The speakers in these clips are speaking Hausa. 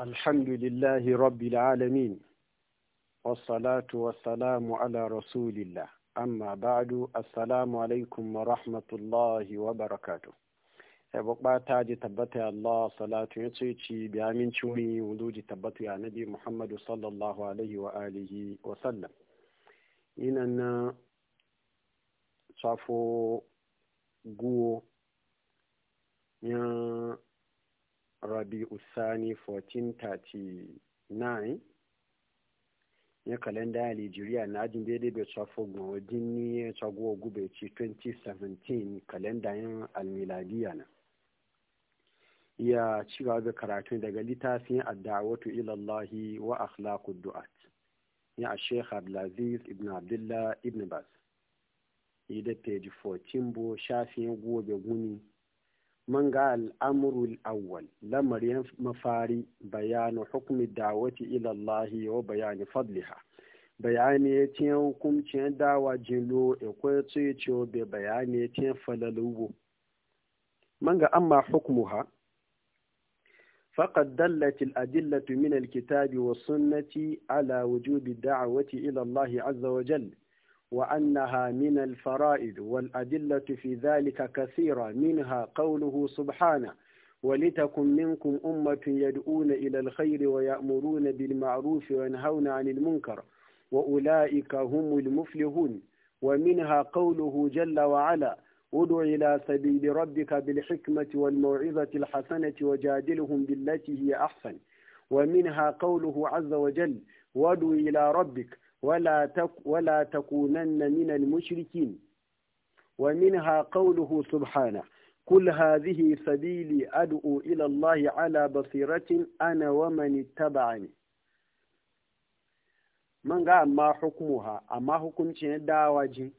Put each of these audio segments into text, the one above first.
الحمد لله رب العالمين والصلاة والسلام على رسول الله أما بعد السلام عليكم ورحمة الله وبركاته ba ta ji tabbata ya Allah salatu ya ce ci bi aminci wani wuduji tabbata ya nabi Muhammadu sallallahu alaihi wa alihi wa ina na safo ya rabi usani 1439 ya kalenda ya nigeria na ajin daidai bai tsafo gbawa jini ya tsago gube ci 2017 kalenda yin almiladiya na ya ci da karatun daga littafin addawatu ilallahi wa akhlaqud du'at ya a sheikh abdulaziz ibn abdullah ibn bas da page 14 bo shafin gobe guni Manga ga al'amurul awwal lamarin mafari bayanu hukumi dawati ilallahi wa bayani fadliha bayani ya tiyan hukumcin dawa jilo ikwai tsoye bai bayani ya tiyan falalubu man ga amma hukumuha فقد دلت الأدلة من الكتاب والسنة على وجوب الدعوة إلى الله عز وجل وأنها من الفرائض والأدلة في ذلك كثيرة منها قوله سبحانه ولتكن منكم أمة يدعون إلى الخير ويأمرون بالمعروف وينهون عن المنكر وأولئك هم المفلحون ومنها قوله جل وعلا ادع إلى سبيل ربك بالحكمة والموعظة الحسنة وجادلهم بالتي هي أحسن ومنها قوله عز وجل وادع إلى ربك ولا تكونن من المشركين ومنها قوله سبحانه قل هذه سبيلي أدعو إلى الله على بصيرة أنا ومن اتبعني من قال ما حكمها أما حكم داواجي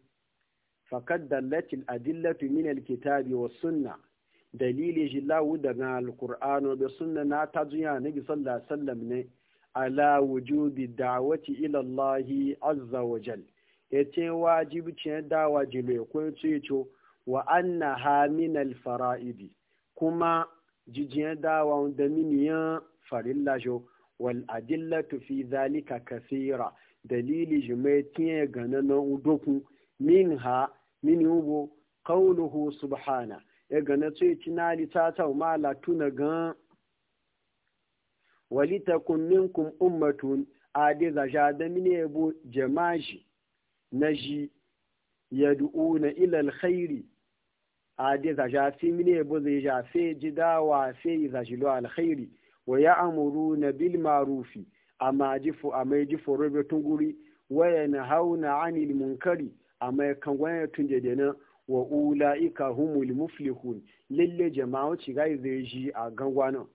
فقد دلت الأدلة من الكتاب والسنة دليل جلاو دنا القرآن وبسنة ناتجيان نبي صلى الله عليه وسلم ala wujubi da'wati ila azzawajal, azza wa jal yace wajibcin dawa jilo ko yace wa annaha min al fara'idi kuma jijiyan dawa da miniyan farilla jo wal adillatu fi zalika kathira dalili jumaitin ganana udoku minha min ubo qawluhu subhana ya gana tsoyi tinali ta ta ma la tuna gan Wali minkum ummatun ummatu za sha da mine yabo jama'i na shi na ila alkhairi ade za sha fi mine yabo zai sha fe jidawa fe za shi lo alkhairi wa na bil ma'rufi amma jifu amma jifu na tunguri wa yanhauna 'anil munkari amma kan gwaya tunje denan wa ula'ika humul muflihun lalle jama'a ci gai zai ji a gangwa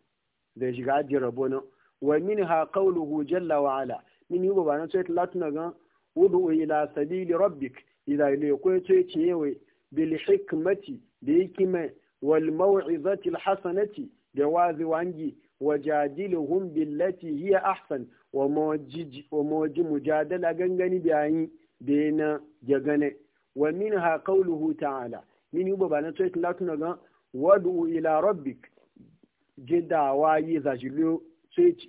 da shiga ajiye rabo nan wa min ha qawluhu jalla wa ala min yugo ba nan sai latuna ga wudu ila sabili rabbik idza ile ko ce ciyewe bil hikmati da hikima wal maw'izati al hasanati da wazi wangi wajadilhum billati hiya ahsan wa mawjiji wa mawji mujadala gangani da yi da na jagane wa min ha qawluhu ta'ala min yugo ba nan sai latuna ga wadu ila rabbik wa yi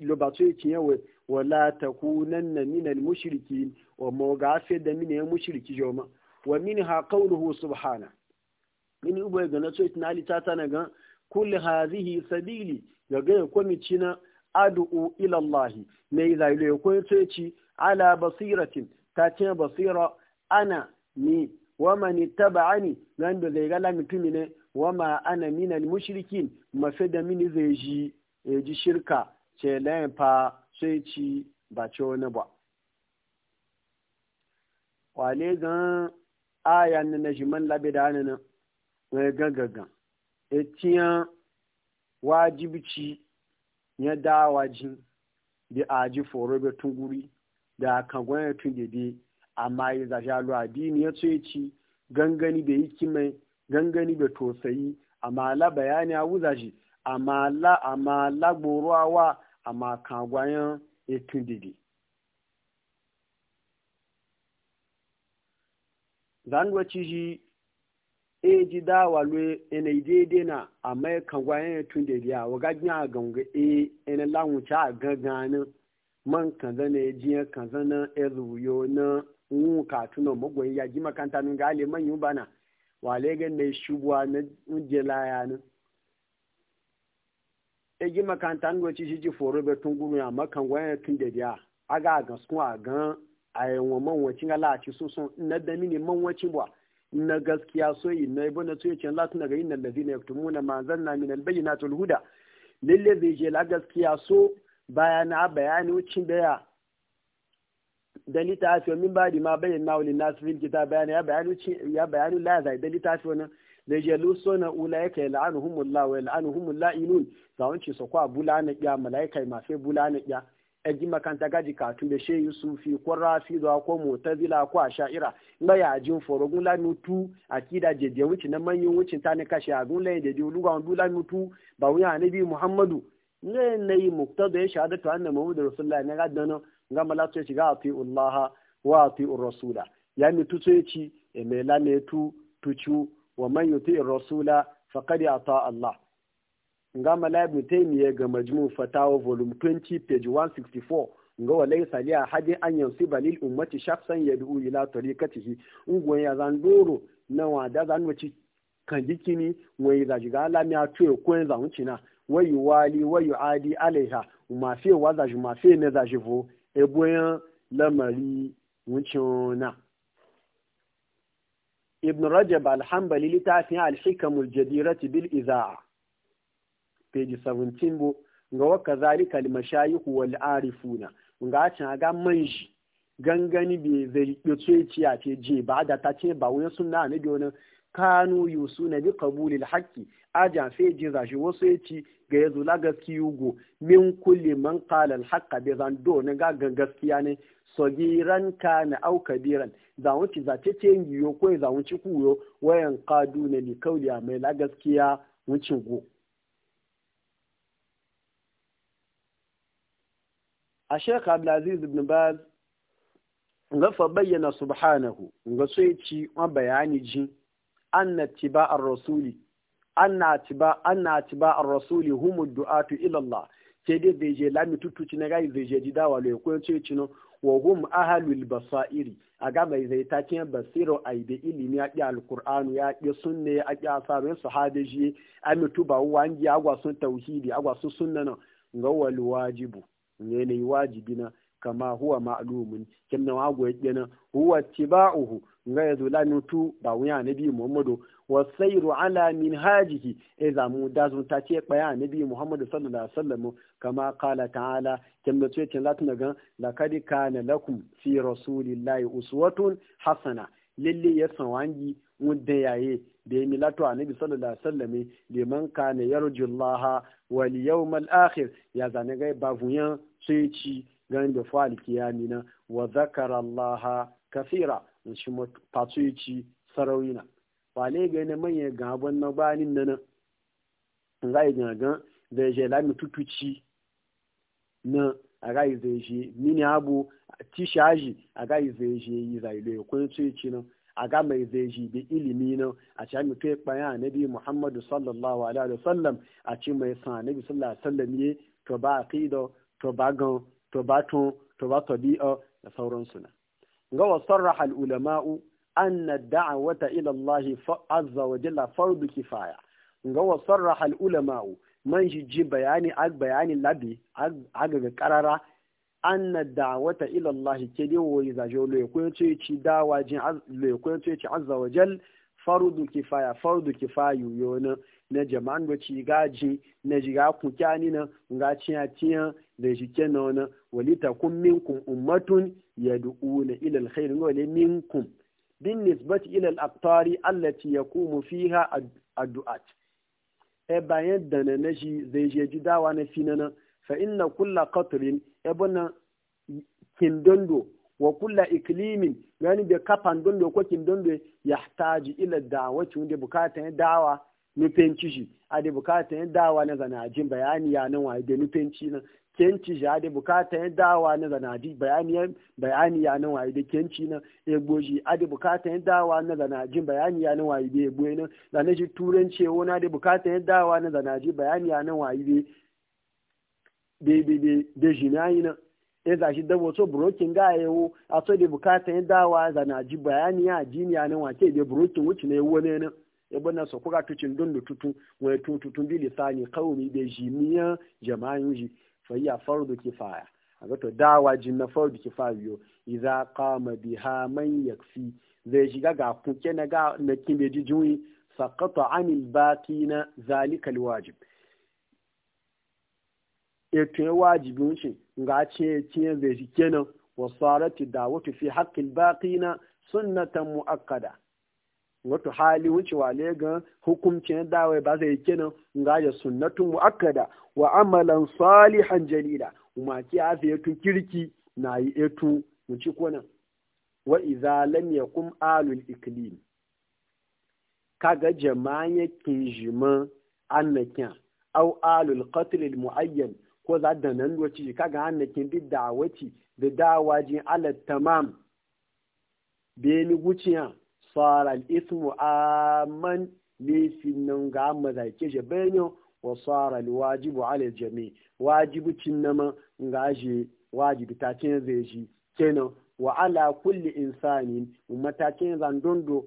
loba tsoye ciyewa wala ta nan na mushiriki wa mogafe da mini ya mushiriki joma wa mini ha kauluhu subhana mini ubo ga na tsoye tunali ta tana ga kuli hazihi sabili ga gaya kwamici na adu'u ilallahi na yi zaji loya kwaye tsoye ci ala basiratin ta ce basira ana ni wa mani taba'ani gando zai gala mutumi ne wama ana minal mushrikin mafi da mini zai ji shirka ce layin fa sai ci ba ce wani ba kwale zan aya na na jiman labe da hannun wani gaggagan etiyan wajibci ya waji da aji foro da guri da kan gwamnati tun da amma ya zashi alu adini ya ce ci gangani da yi kimai gangani be tosayi amma bayani a wuzaji amma la amma ama gboro kagwayan etun didi zanwa ciji e ji dawa lwe na daidai na amai e kagwayan etun didi a wagagin a ganga e ene lawunci a ganganin man kanza na ejiyan kanza na ezuyo na nwuka tunan magwai ya ji makanta nun ga ale man yi wale gan na shubuwa na jela ya nan egi makanta ngo ci ji foro be tun gumi amma kan gwaye tun da dia aga ga sun a gan ayi wo man wacin ngala ci sun sun na da mini man wacin ba na gaskiya so yi na ibn so yace Allah tun daga inna allazina na ma zanna min albayyinati huda lille zai je la gaskiya so bayana bayani wucin da da littafi min ba di ma bayan na wani nasu fil kita bayani ya bayanu ya bayanu la zai da littafi wani da jalu sona ulaika yal'anuhumullah wa yal'anuhumul la'inun zawanci su kwa bulana ya malaika ma sai bulana ya aji e makanta gaji ka tun da she yusufi ko rafi da ko mutazila ko asha'ira ba ya jin forogun la nutu akida je je wuci na manyan wucin ta ne kashe agun la jeje lugan dula nutu ba wuya nabi muhammadu ne nayi muqtada ya shahadatu anna muhammadu rasulullah ne ga gaddano nga mala to ci ga ati ullaha wa ati rasula yani mi tu to ci e me la ne tu tuchu wa man yuti rasula faqad ata Allah nga mala bi e ga majmu fatawa volume 20 page 164 nga wa laysa li ahadin an yansi balil ummati shakhsan yad'u ila tariqatihi ungon ya zan doro na wa da zan wuci kan jikini wai za shiga alami a tuye kwen za wuci wayu wali wayu adi alaiha ma fe wa za eboyan lamari wucina ibn rajab alhambali littafin alhikamul jadirati bil iza'a page 17 bo ga waka zalika almashayihu wal arifuna ga cin ga manji gangani bai zai ce ciya ce je ba da ta ce ba wani suna ne biyo kanu yusu na bi qabulil haƙƙi a jafe jin zashi wasu yaci ga ya zula gaskiyu go min kulli man qala haƙƙa bi zando na gagan gaskiya ne ka na au kabiran za wuce za ce ce yiwo ko za wuce kuyo wayan kadu na ni kauliya mai la gaskiya wuce go a shek abdulaziz ibn baz nga fa bayyana subhanahu nga so ci ma bayani jin anna ciba a rasuli anna tiba anna tiba ar-rasuli humu du'atu ila Allah ke dai zai je lami tutuci na gai zai je jidawa lo ko ce cino wa hum ahlul basairi aga mai zai ta kin basiro ai da ilimi ya ki alqur'anu ya ki sunne ya ki asarin sahabeji amitu ba wangi agwa sun tauhidi agwa sun sunna na ga wal wajibu ne ne wajibina kama huwa ma'lumun kinna na wago yake nan huwa tiba'uhu ga yazo la nutu ba wuya nabi muhammadu wa sayru ala minhajihi idza mu da ta ce baya nabi muhammadu sallallahu alaihi wasallam kama qala ta'ala kinna da ce kin latin ga laqad kana lakum fi rasulillahi uswatun hasana lalle ya sawangi wanda yaye da ya milato a nabi sallallahu alaihi wasallam man kana yarjullaha wal yawmal akhir ya zane ga babuyan sai ci ganin da fa’al alkiyami na wa zakara Allah kafira in shi fatuici sarauna ba ne ga na manya gaban na banin nan za yi gagan da ya lami tutuci na a ga zai je mini abu tishaji a ga zai je yi zai le kun tuici nan a ga mai zai ji bi ilimi nan a ci mu kai kpaya nabi muhammadu sallallahu alaihi wasallam a ci mai san nabi sallallahu alaihi wasallam ye to ba aqido to ba gan tobato tobato bi'a da sauransu na ga wa sarraha ulama'u anna da'wata ila Allah azza wa jalla fardu kifaya ga wa sarraha ulama'u man jiji bayani ag bayani labi aga ga karara anna da'wata ila Allah ke dai wai zajo lo ko ce ci dawa jin lo ko ci azza wa jalla fardu kifaya fardu kifayu yona na jama'an da ci gaji na jiga ni na ga ciya ciya da shi ke na wani walita kun minkum ummatun ya du'una ilal khair wale minkum bin nisbat ilal aktari allati yakumu fiha addu'at e bayan da na shi zai je ji dawa na nana fa inna kulla katrin e bana kindondo wa kulla iklimin yani da kafan dondo ko kindondo yahtaji ila da'wati wanda bukatan dawa nufin shi. a da bukatan dawa na zanajin bayani ya nan wa da nufin ci nan kenci ya da bukata ya dawa na zanadi bayani bayani ya nan wayi da kenci na egbo shi a da bukata ya dawa na zanajin bayani ya nan wayi da egbo na zane shi turanci ya wani da bukata ya dawa na zanaji bayani ya nan wayi da da jinayi na ya za shi dabo so brokin ga ya wo a so da bukata ya dawa zanaji bayani ya jini ya nan wake da brokin wuce na ya wani na ebe na sokuka tucin dundu tutu wani tun bi lisani kawumi da jimiyan jama'in ji fa hiya fardu kifaya aga to dawa jin na fardu kifaya yo idza qama biha man yakfi zai shiga ga kuke na ga na kimbe jijuyi saqata anil baqina zalika alwajib eto wajibi wuce ga ce ce zai shi kenan wasarati dawatu fi haqqil baqina sunnatan muakkada wato hali wuce wale ga hukumcin dawa ba zai kenan ga ya sunnatun muakkada wa amalan salihan jalila kuma ki afi yatu kirki na yi etu mu ci kona wa idza lam yakum alul iklim kaga jama'a kinjima annakin au alul qatl al muayyan ko za da nan wace kaga annakin bid da'awati da dawaji ala tamam ni guciya sara al ismu aman lisin nan ga mazake je benyo wa sara wajibu ala jami wajibu cinnama ga aje ta zai ji kenan wa ala kulli insani matakin dondo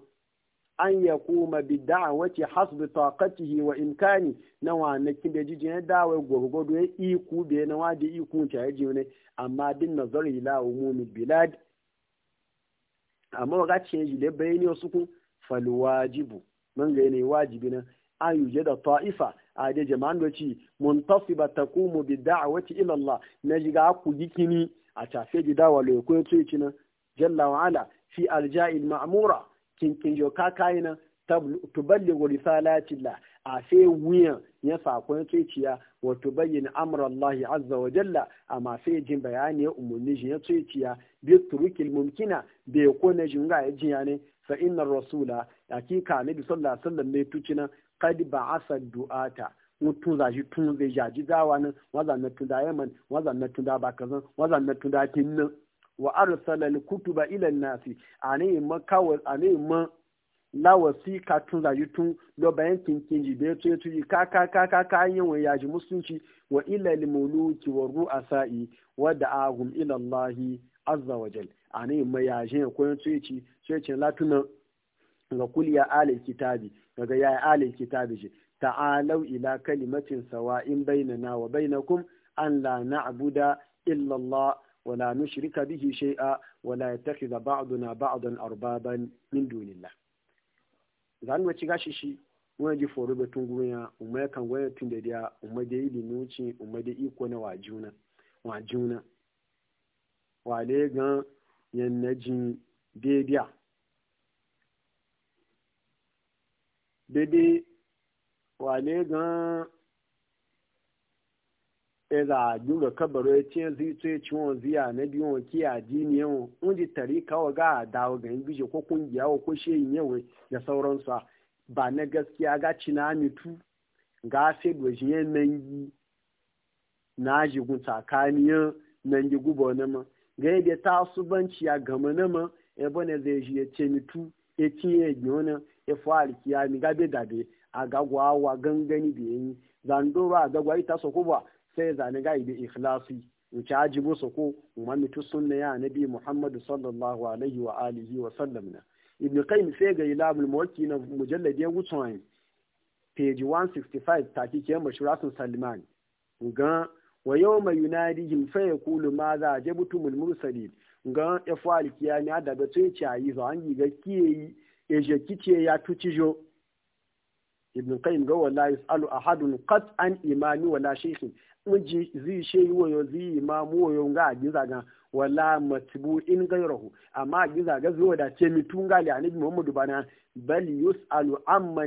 an ya kuma bi da'awaci hasbi taqatihi wa imkani e na wanakin da jijin dawai gwargwado ya iku da na nawa da iku ta yaji ne amma bin nazar ila umumi bilad amma wa gaci yaji da bayani wasu fal wajibu man ga ne wajibi na an da ta'ifa ade jama'an da ci muntasiba taqumu bi da'wati ila Allah na ga ku gikini a tafe ji dawa lo ko to ci na jalla wa ala fi alja'il ma'mura kin kin jo ka kaina risalati Allah a fe wuyan ya sakon tsoiciya wato bayyana amur Allah azza wa jalla a masu jin bayani ya umarni shi ya tsoiciya bi turukil mumkina bai ko na jinga ya jiya ne fa inna rasula hakika ne bi sallallahu alaihi wasallam ne tucina qad ba'asa du'ata mutum za shi tun zai jaji dawa nan wazan na tun da yaman wazan na tun tunda bakazan wazan na tun da kinnan wa arsala al-kutuba ila an-nasi anayi ma kawai anayi ma lawasi katun zayutun lobayin kinkin jibe to ya tuyi ka ka ka ka ka yin wa yaji musulunci wa ila limuluki wa ru'asa'i wa da'ahum ila Allah azza wa jal ani mai yaji ko yin tuyi sai ce latuna ga ya alil kitabi daga ya alil kitabi ji ta'alau ila kalimatin sawa'in bainana wa bainakum an la na'buda illa Allah ولا نشرك به شيئا ولا يتخذ بعضنا بعضا أربابا arbaban min الله zan wace gashi shi wani ji foro ba tun gurin umma ya kan gwaya tun da dia umar da ilimi wuce umar da iko na wajuna wajuna wale gan yan najin daidai daidai wale gan ila juga ya na biyu a jini yawon unji tari kawo ga a dawo ga ingije ko kungiya wa ko shehin yawon da sauransu ba na gaskiya ga cina mitu ga se dojin na nan yi na jigun tsakaniyan nan gubo na ma ga yadda ta su ya gama na ma ya ya gangani sai zane ga da ikhlasi wuce aji musu ko tu sunna ya nabi muhammadu sallallahu alaihi wa alihi wa sallam na ibn qayyim sai ga ilamul muwakki na mujallad ya wuce wani page 165 taki ke mashuratun salman ga wa yau mai yunadihim fa kulu ma za mutum mulmursali ga ifwal kiyani da ba sai ci ayi za an yi ga kiyi e je kice ya jo. ibn qayyim ga wallahi yasalu ahadun qat an imani wala shaykhin unji zai she yi zi imamu ma nga wayo ga wala matibu in gairahu amma giza ga zuwa da ce mitun gali anabi muhammadu bana bal yusalu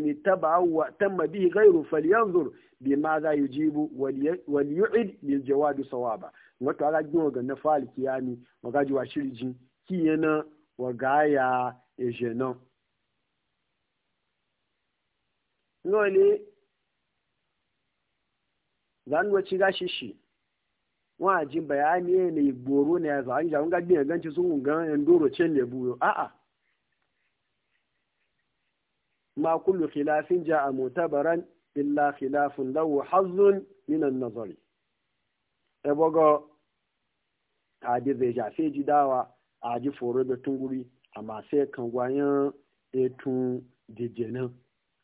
ni taba'a wa tamma bihi ghairu falyanzur bima za yujibu wal yu'id bil jawadi sawaba wato ala gino ga na fali kiyami magaji wa shirji kiyana wa gaya ejenon ngole zanuwa ci gashi shi wa bayani ne gboro ne ya za an jawon gagbe ganci sun gan endoro ce lebu a'a ma kullu khilafin ja'a mutabaran illa khilafin lahu hazzun minan an-nazari e bogo adi zai ja sai ji dawa a ji foro da tunguri amma sai kan gwayan etun jijjenan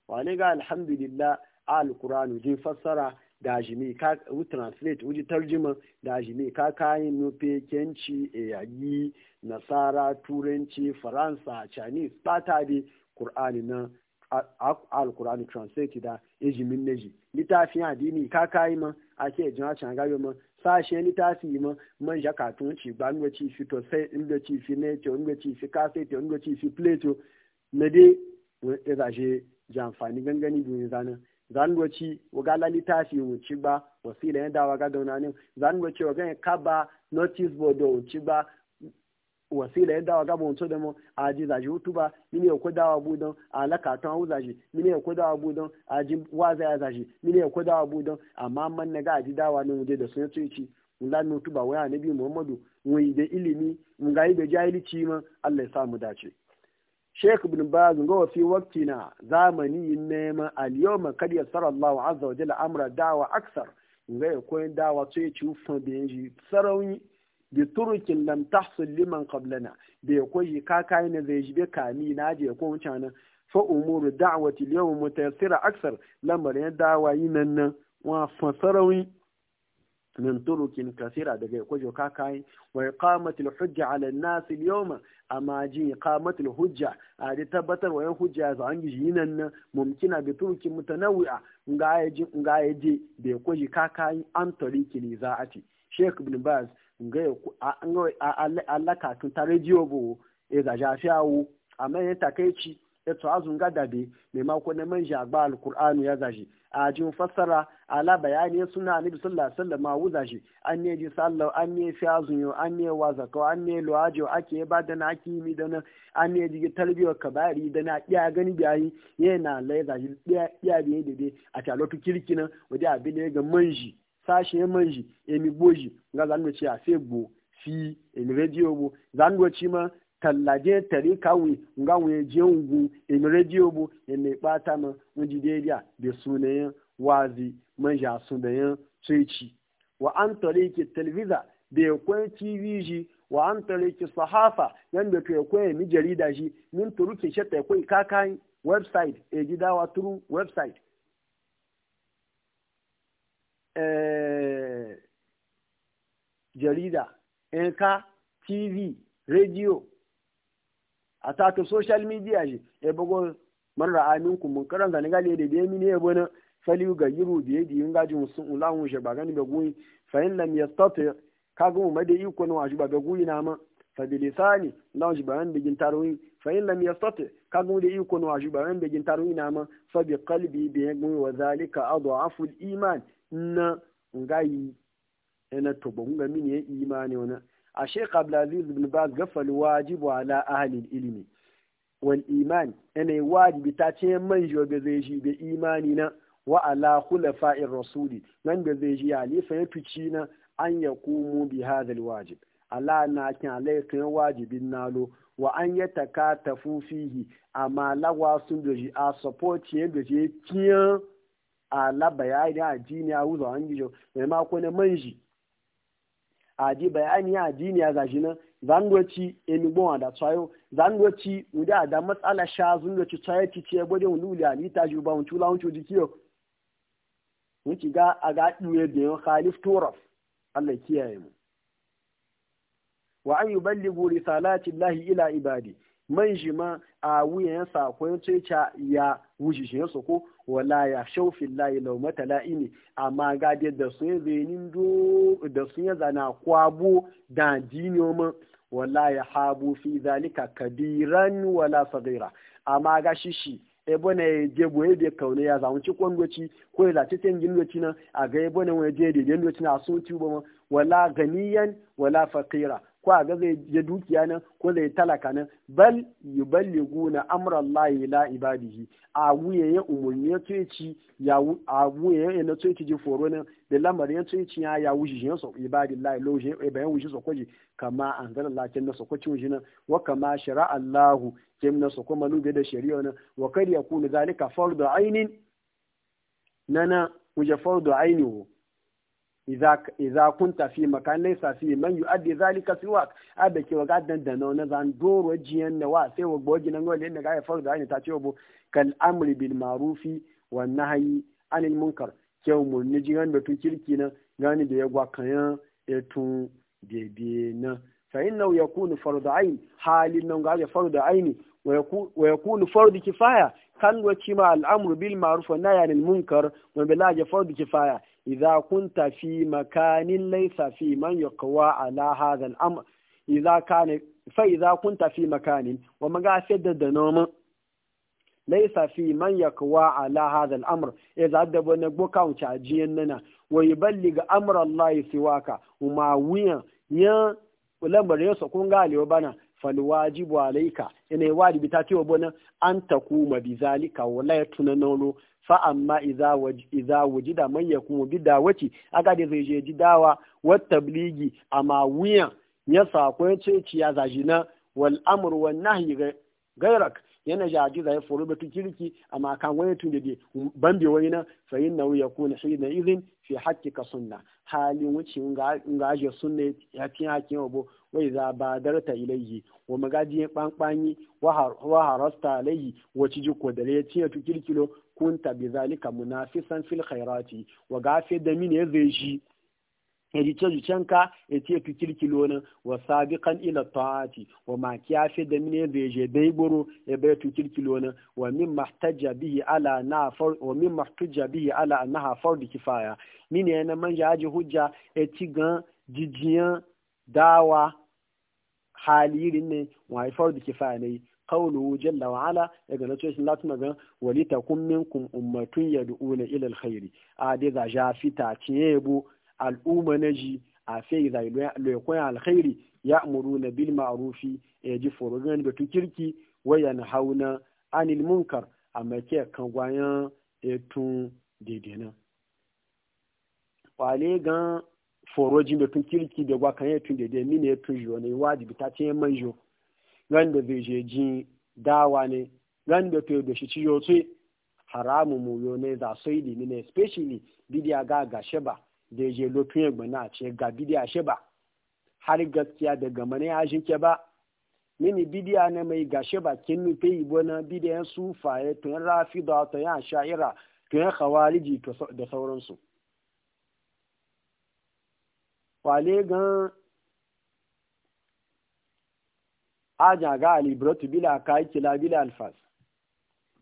wani ga alhamdulillah alkuranu jin fassara da jimi ka u translate wuji tarjima da jimi ka kayi nufe kenci e, a yayi nasara turanci faransa chinese pata bi kur'ani na alkur'ani translate da ejimin neji littafin addini ka kayi ma ake ejin a can gayo ma sashen littafi ma man ja katun ci ba nga ci fi to sai inda ci fi ne to inda ci fi kasete inda ci fi plato na e dai wani ɗazaje jamfani gangani duniya zanen zanwaci wagala litafi wuci ba wasila ya dawa ga dauna ne zanwaci waga ganye kaba notice board wuci ba wasila ya dawa ga bonto da mu a ji zaji hutu ba mini ya kudawa budon a lakatan hau zaji mini ya kudawa budon a ji waza ya zaji mini ya kudawa budon amma man na ga a ji dawa ne wuje da sun yi ci wula nutu ba waya nabi muhammadu wuyi da ilimi mun ga yi da jahilci ma Allah ya sa mu dace Sheikh ibn Baz ga fi waqtina zamani nema al-yawma kad yassara Allahu azza wa jalla amra da'wa aksar ga koyin da'wa sai ci ufan da yanzu sarauni bi turukin lam tahsul liman qablana da koyi kakai ne zai jibe kami na je ko wancan fa umuru da'wati al-yawma mutayassira aksar lamarin da'wa yinan nan wa fa sarauni min turukin kasira daga kwajo kakai wa iqamatul hujja ala an-nas al-yawma amma ji iqamatul hujja a da tabbatar wa hujja za an yi nan mumkina bi turukin mutanawwi'a nga yaji nga yaji da kwaji kakai an tariki li za'ati sheikh ibn baz nga an ga Allah ka tun tare jiyo bo e ga jafiawo amma ya takeici ya e tsawa azun gada bi mako na manja agba alkur'anu ya zashi a jin fassara ala bayani ya suna annabi sallallahu alaihi wasallam ma wuza shi an ne ji sallau an ne fi azun an ne wazaka an ne luwajo ake ba da na ake mi da na an ne ji tarbiyar kabari da na iya gani yi yana lai zashi iya biye da dai a talotu kirki nan wajen abin da ya ga manji sashe manji mi boji ga zanuwa ce a fe gbo fi emi rediyo bo zanuwa ci ma tallaje tare kawi nga wuye je ugu in rediyo bu in mai bata ma wuji daidai da sunayen wazi manja sunayen tsoci wa an tare ki talbiza da ya kwan tv ji wa an tare ki sahafa yan da ya kwan mi jarida ji min turu ke shata ya kwan kakan website e gidawa turu website eh, jarida in ka tv rediyo a taka social media shi ya bago marra amin ku mun karan zani gale da biye mini ya bana faliu ga yiru biye di yin gaji sun ulawun shi ba gani ba guyi fa in lam yastati ka ga mu made iko na washi ba ga guyi na ma fa bi lisani na washi ba ran bigin tarwi fa in lam yastati ka ga mu da iko na washi ba ran bigin tarwi na ma fa bi qalbi bi yagmi wa zalika adhafu al iman na ngai ena to bonga mini imani wana a sheikh abdulaziz bin baz gafal wajibu ala ahalin ilimi wal iman yana wajibi ta ce man jiwa ga zai shi da imani na wa ala khulafa'ir rasuli nan da zai ji halifa ya fici na an ya kumu bi hadal wajib ala na kin alaikin wajibin nalo wa an ya taka tafu fihi amma lawa sun doji a support ya doji kiyan ala bayani a jini a wuzo an gijo mai mako na manji aji bayani ya aji ne ya gashi nan zan doci enugbon da tsayo zan doci wuda da matsala sha zun doci tsaye ci ce gode wani wuli ali ta ji ba wuncula wuncu jikiyo ci ga a ga ɗuwe da yin khalif turaf allah kiyaye mu wa an yuballighu risalati llahi ila ibadi man jima a wuyan sakon ce ya wuce shi ko wala ya shaufin layi laumata ne amma gade da sun ya zainin da sun ya zana kwabo da jiniyoma wala ya habu fi zalika kabiran wala sadira amma ga shi shi na ya je boye da kaune ya zamu ci kwandoci ko ya zaci cin gindoci na a ga ebo ne wani je gindoci na sun tuba wala ganiyan wala fakira ko a ga zai je dukiya nan ko zai talaka nan bal yuballighu na amrallahi la ibadihi a wuye ya umurni ya tuci ya a wuye ya na tuci ji foro nan da lamarin ya tuci ya ya wuji ya so ibadillahi lo je eh, bayan wuji so koji kama anzalallahu kin na so koji wuji nan wa kama shara Allahu kin na so kuma lube da shari'a nan wa kar yakunu zalika fardu ainin nana wuje fardu ainihi idza kunta fi makan laysa fi man yu'addi zalika siwak abe ke waga dandano na zan doro jiyan na wa sai wa wagbo ginan gole ne ga faru da ta ce wa bo kal amri bin ma'rufi wan nahyi anil munkar kyau mu ni jiyan da tun kirki na gani da ya gwa ya tun bebe na fa innahu yakunu fardu ayn halin nan ga fardu ayni wa ya yakunu fardu kifaya kan wa ma al amru bil ma'ruf wa nahyi anil munkar wa bila fardu kifaya idza kunta fi makanin laysa fi man yuqwa ala hadha al-amr idza kana fa idza kunta fi makanin wa da noma laysa fi man yuqwa ala hadha al-amr idza da bane boka wuce ajiyan nana wa yuballiga amra Allah siwaka uma wiya ya lamarin sa kun ga alewa bana falwajibu alaika ina yi wajibi ta ce wa bona an ta kuma bi zalika wala ya tuna nono fa amma iza wajida man kuma bi aka da zai ji dawa wat tabligi amma wuyan ya sako ya ce ciya zaji na wal amru nahyi gairak yana jaji zai foro batun kirki amma kan wani tun dade bambe wani na fa yin ya kuna shi na izin fi haƙƙi ka sunna halin wuce ga aje sunna ya fi haƙƙin wabo wai za ba darta ilayhi wa magaji ya kpankpanyi wa harasta alayhi wa ji ko da ya ciye kirkilo kunta bi zalika munafisan fil khairati wa gafe da mini ya zai shi rice-ricenka ya ce fi kirki nan wa sabiqan ila ta'ati wa ma kiyafe da mine da je bai buru ya bai tu kirki nan wa min mahtaja bihi ala na far wa min mahtaja bihi ala annaha da kifaya mine yana manja aji hujja ya ci gan jijiyan dawa halirin ne wa da kifaya ne قوله جل وعلا ala daga لا cikin ولتكن منكم wali يدعون minkum ummatun yad'una ila alkhairi a al'umma na ji a fai zai lokon alkhairi ya amuru na bil ma'arufi ya ji forogan da kirki waya na hauna anil munkar a make kan gwayan etun daidai nan kwale gan forojin da tun kirki da gwakan ya tun daidai mini ya tun jiwa ne wajibi ta ce man jo Gan da zai je ji dawa ne gan da to da shi ciyo ce mu za sai di especially bidiya ga gashe da ya je lokacin yagba na ce ga bidiya shi ba har gaskiya daga mana ya shi ke ba mini bidiya na mai gashe ba kin nufe ibo na bidiyan sufaye tun rafida tun yan sha'ira tun yan khawariji da sauransu kwale gan aja ga alibratu bila kai kila bila alfas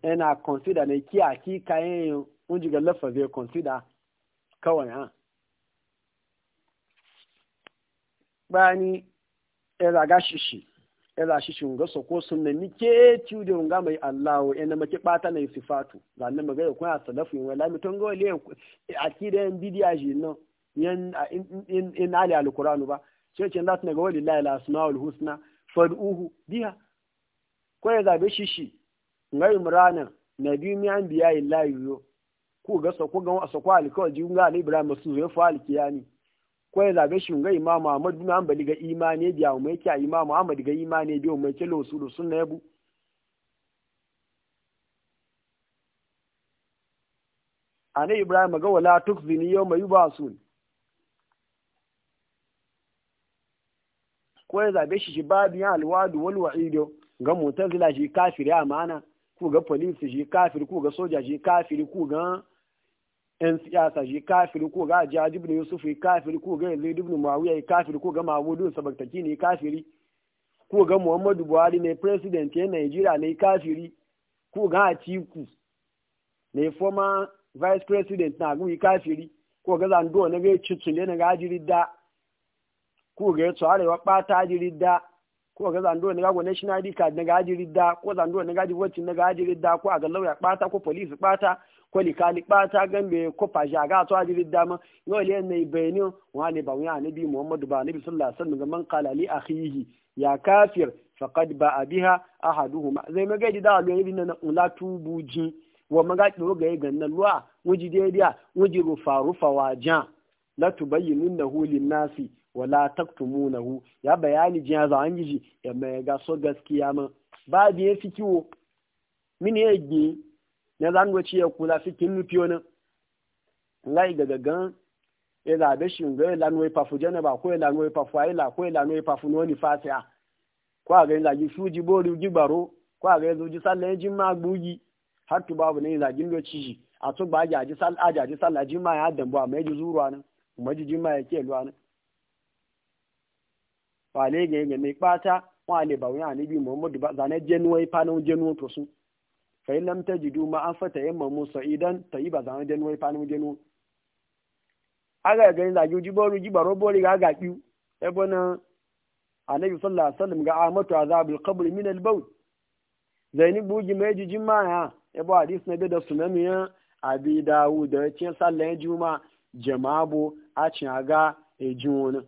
ina consider ne ki aki kayan un jiga lafaze consider kawai ha bani iraga shishi ira shishi nga so ko sunna ni ke tiude nga mai Allah wa ina make bata na sifatu zanne maga ko ya salafu wa la miton le akida en bidiya ji no in ali alquranu ba sai ce Allah na ga walillahi alasmaul husna fad'uhu biha ko ya zabe shishi ngai imrana nabi mi an biya illahi yo ku ga so ga so ko nga ali ibrahim su fa ko ya zabe shi ga imam Muhammad bin Hanbali ga imani biya mu yake imam Muhammad ga imani biya mu yake losulu sunna yabu ana Ibrahim ga wala tukzini yawma su ko ya zabe shi shi ya alwadu wal wa'ido ga mutazila shi kafiri amana ku ga police shi kafiri ku ga soja shi kafiri ku ga yan siyasa shi kafiri ko ga Jihad ibn Yusuf yi kafiri ko ga Yazid ibn Muawiya yi kafiri ko ga Mahmudu Sabaktaki ne kafiri ko ga Muhammadu Buhari ne president ya Nigeria ne kafiri ko ga Atiku ne former vice president na gumi kafiri ko ga Zando na ga Cicile na ga Jirida ko ga Tsarewa Bata Jirida ko ga zando ne ga gwanin shinari ka na gaji ridda ko zando ne gaji wacce na gaji ridda ko a ga lauya kpata ko police kpata ko likali kpata gambe ko faja ga to aji ridda ma no le ne bayani wa ne ba wa nabi muhammadu ba nabi sallallahu alaihi wasallam man qala li akhihi ya kafir faqad ba'a biha ahaduhuma zai ma gaji da lo yidi na ula tubuji wa ma gaji ga ga na luwa wuji dai dia wuji rufa rufa wajan la lahu lin nasi wala taktumunahu ya bayani jiya za an giji ya mai ga so gaskiya ma ba bi ya fikiwo min ya gi na zango ci ya kula fi nufiyo nan lai ga gagan ya zabe shi ga ya lanwe pafu jana ba ko ya fafu pafu la ko ya lanwe pafu noni fatiha ko a ga yin zagi suji bori gibaro ko a ga yin zuji sallan jin ma gbugi har tu babu ne zagin loci shi a tun ba a ajaji sallan, jin ma ya dambu a mai ji zuruwa nan kuma ji jin ma ya ke luwa nan wale ga yanya mai kpata wale ba wani anibi muhammadu ba zane jenuwa ipanin jenuwa to su fa in lamta tajidu ma an fata yamma musa idan ta yi ba zane jenuwa ipanin jenuwa aga ga yin zagi ujiboru jibaro bori ga aga kiu ebo na anabi sallallahu alaihi wasallam ga amatu azabul qabr min al bawl zaini buji meji ya? ebo hadis na da sunami ya abi dawud da e cin sallan juma jama'abu a cin aga ejin wani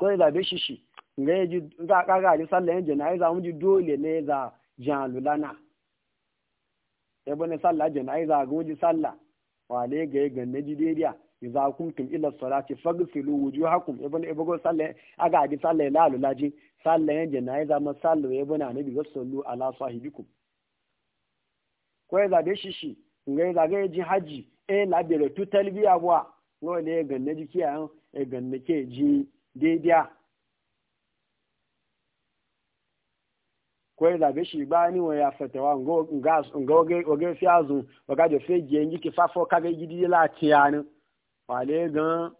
ko be zabe shi shi nga ya ji nga kaga ji sallah yin jana'iza mun ji dole ne za jan lulana ya e bane sallah jana'iza ga wuji sallah wale ga ga na ji dariya idza kuntum ila salati faghsilu wujuhakum ya e bane ibago e sallah aga ji sallah la lulaji sallah yin jana'iza ma sallah ya bane annabi sallu ala sahibikum ko ya zabe shi shi nga ya zaga ji haji e labere tu talbiya wa no ne ga na ji kiyayen ga na ke daidai kwai zabe shi ba ni wa ya fatawa nga oge fi azu waga da fe je ngi ki fafo ka ga gidi la tiyani wale gan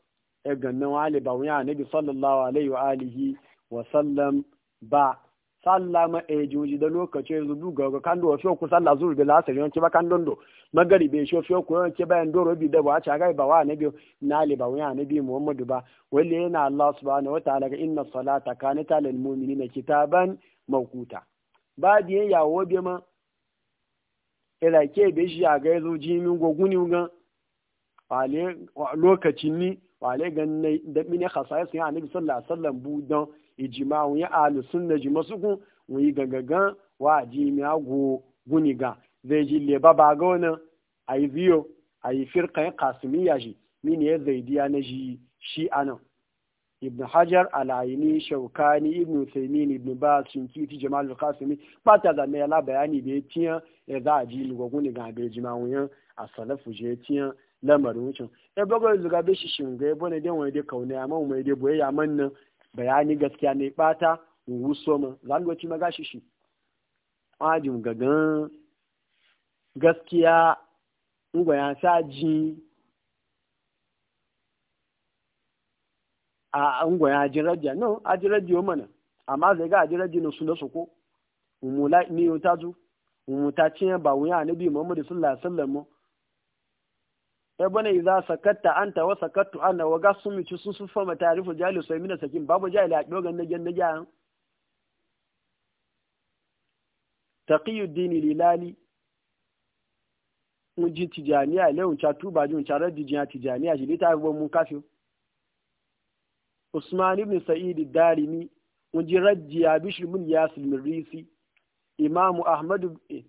e gan nan wale ba wuya nabi sallallahu alaihi wa alihi wa sallam ba sallah ma e joji da lokacin yanzu duga ga kando wa fiyo ku sallah zuru da lasar yawanci ba kan dondo magari bai shi fiyo ku yawanci bayan doro bi da ba a gai ba wa bi na li ba wa bi muhammadu ba wali yana allah subhanahu wataala ga inna salata kanata lil mu'minina kitaban mawquta ba biye yawo biyu ma ila ke be shi a ga yazo jimin goguni ga wale lokacin ni wale ga da mini khasaisu ya nabi sallallahu alaihi wasallam bu don ijima'un ya alu sunna ji masukun mu yi gagagan wa ji mi agu guniga zai ji le ba ba gona ayi biyo ayi firqa ya qasimiyya mini ya diya na shi shi anan ibn hajar alayini shaukani ibn usaimin ibn bas shinkiti jamal al-qasimi bata da la bayani da ya tiya ya za a ji lugwagu ne ga bai a salafu je tiyan lamarin wucin ya e bago zuga bai shi shinga ya bane dai wani dai kauna ya man wani dai boye ya man bayani gaskiya ne bata wuso mu zan doci maga shi shi ajin gagan gaskiya ngwa ya sa ji a ngwa ya ji radiya no a ji radiyo mana amma zai ga a ji radiyo na su na mu umula ni yau ta zu umutacin ba wuya annabi muhammadu sallallahu alaihi wasallam ya bane idza sakatta anta wa sakattu ana wa ga sun mici sun sufa ma tarifu jali sai mina sakin babu jali a dogan na gen na jan dini lilali mun ji tijaniya lewun cha tuba jun cha rabbi jiya tijaniya shi ta abubuwan mun kafi usman ibn sa'id darimi mun ji rajjiya bishr bin yasir mirisi imamu ahmad eh,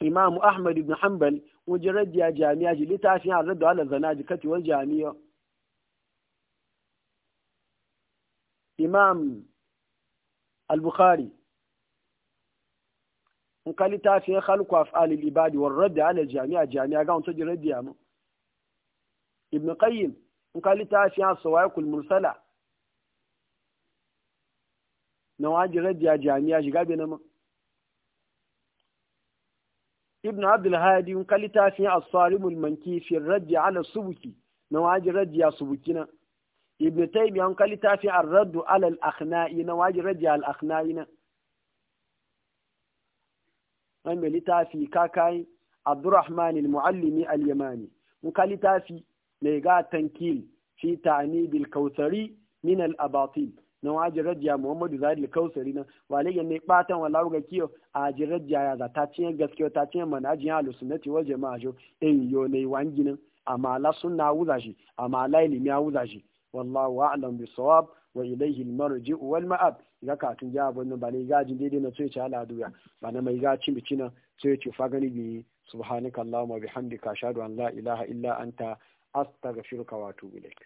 imamu ahmad ibn hanbal wajen radiya jami'a ji littafin harar da halar zana ji katiwar jami'a imam al-bukhari in ka littafin halku af'alil ibadi war radda ala jami'a jami'a ga wancan jin radiya mu ibn qayyim in ka littafin sawaikul mursala na wajen radiya jami'a shiga bi na mu ibn abdul hadi kan littafin as-sarimul manki fi ar ala subuki na waji rajiya subuki na ibn taymiyyah kan littafin ar-radd ala al na waji rajiya al-akhna'i na an mai littafi kakai abdurrahman al-muallimi al-yamani kan littafi mai ga tankil fi ta'nib al-kautsari min al-abatil na wajen rajiya muhammadu zahid alkausari na wale ya ne batan wala ga kiyo a ajin rajiya ya za ta ciye gaskiyo ta ciye manajin alusunnati wal jama'a jo eh yo ne wanginin amma la sunna wuza shi amma la ilimi ya wuza shi wallahu a'lam bisawab wa ilaihi almarji wal ma'ab ga katun ja abun ba ne ga jin daidai na sai ci ala duya ba na mai ga cin bicina sai ci fa gani bi subhanakallahumma bihamdika ashhadu an la ilaha illa anta astaghfiruka wa atubu ilaik